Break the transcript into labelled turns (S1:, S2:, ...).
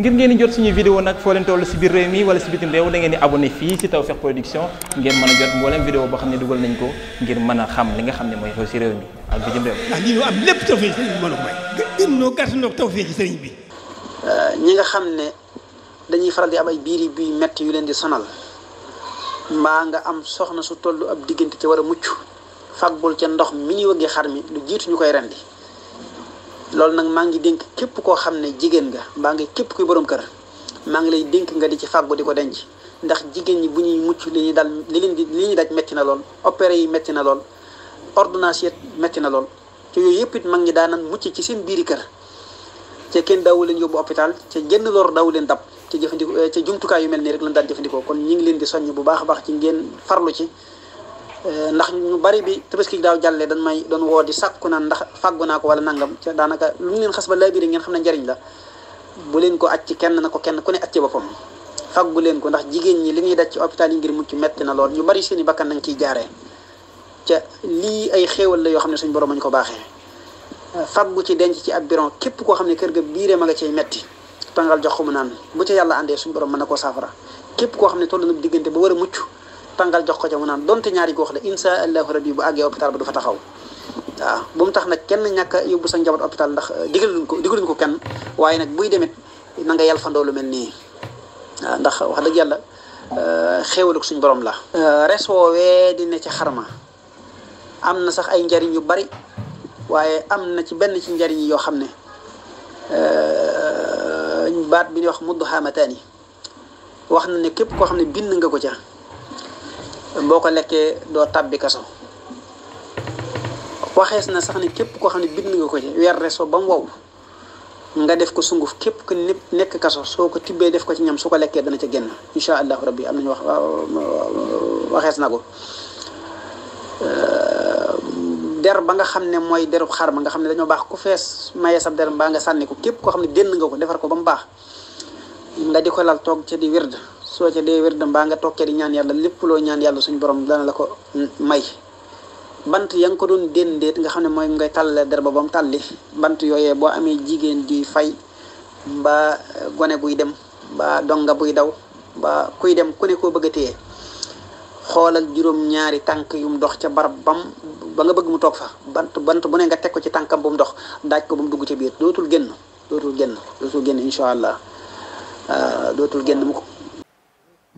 S1: ngir ngeen di jot suñu vidéo nag foo leen toll si biir réew mi wala si bitim réew da ngeen di abonné fii si Tawfekh Production ngeen mën a jot mboolem vidéo boo xam ne dugal nañ ko ngir mën a xam li nga xam ne mooy xew am lépp tawfeex sëriñ
S2: bi noo gàtt noo bi. Euh, ñi nga xam ne dañuy faral di am ay biir yu buy metti yu leen di sonal mbaa nga am soxna su toll ab diggante ci war a mucc fagbul ca ndox mi ñuy wëggee xar mi lu jiitu ñu koy rendi loolu nag maa ngi dénk képp koo xam ne jigéen nga maa ngi képp kuy borom kër maa ngi lay dénk nga di ci fàggu di ko denc ndax jigéen ñi bu ñuy mucc li ñuy dal li leen di li ñuy daj métti na lool opéré yi métti na lool ordonnance yi métti na lool te yooyu yëpp it mag ñi daanan mucc ci seen biiri kër te kenn daawu leen yóbbu hôpital te genn lor dawuleen leen dab te jëfandikoo eh, te jumtukaay yu mel nii rek lañ daal jëfandikoo kon ñi ngi leen di soññ bu baax a baax ci ngeen farlu ci Eh, ndax ñu bari bi tabaski daaw jàllee dan may doon woo di sàkku naan ndax fàggu naa ko wala nangam ca daanaka lu mu leen xas ba laa biir ngeen xam ne njariñ la bu leen ko aj ci kenn na ko kenn ku ne aj ci boppam fàggu leen ko jigéen ñi li ñuy daj ci hôpital yi ngir mucc metti na lool ñu bari seen i bakkan nañ ciy jaaree ca lii ay xéewal la yoo xam ne suñ borom ñu ko baaxee eh, fàggu ci denc ci ab biron képp koo xam ne kër ga biire ma nga cay metti tangal jox ko mu naan bu ca yàlla àndee suñ borom mën ne koo saafara képp koo xam ne toll na diggante ba war a mucc tàngal jox ko ca mu naan donte ñaari gox de insha allahu rabbi bu àggee hôpital ba du fa taxaw waaw bu mu tax nag kenn ñàkk a yóbbu sa njaboot hôpital ndax eh, digaluñ ko digaluñ ko kenn waaye nag buy demit na nga yàlla fandoo lu mel nii waaw ndax wax dëgg yàlla eh, xéewaluk suñ borom la eh, res woowee di ne ci xarma am na sax ay njariñ yu bari waaye am na ci benn ci njariñ yoo xam ne baat bi ñuy wax mudd xaamataani wax na ne képp koo xam ne bind nga ko ca boo ko lekkee doo tàbbi kaso waxees na sax ne képp koo xam ne bind nga ko ci weer reso ba mu wow nga def ko sunguf képp ko népp nekk kaso soo ko tibbee def ko ci ñam su ko lekkee dana ca génn incha allahu rabbi am ñu wax waxees na ko der ba nga xam ne mooy deru xar ma nga xam ne dañoo baax ku fees mayee sab der mbaa nga sànni ko képp koo xam ne génn nga ko defar ko ba mu baax nga di ko lal toog ca di wird soo ca dee wérd mbaa nga tokkee di ñaan yàlla lépp loo ñaan yàlla suñu borom dana la ko may bant ya nga ko doon déndeet nga xam ne mooy ngay tàllale der ba ba mu tàlli bant yooyee boo amee jigéen juy fay mbaa gone guy dem mbaa donga buy daw ba kuy dem ku ne koo bëgg a téye xoolal juróom-ñaari tànk yu mu dox ca barab bam ba nga bëgg mu toog fa bant bant bu ne nga teg ko ci tànkam bu mu dox daaj ko bu mu dugg ca biir dootul génn dootul génn dootul génn incha allah ah, dootul génn ko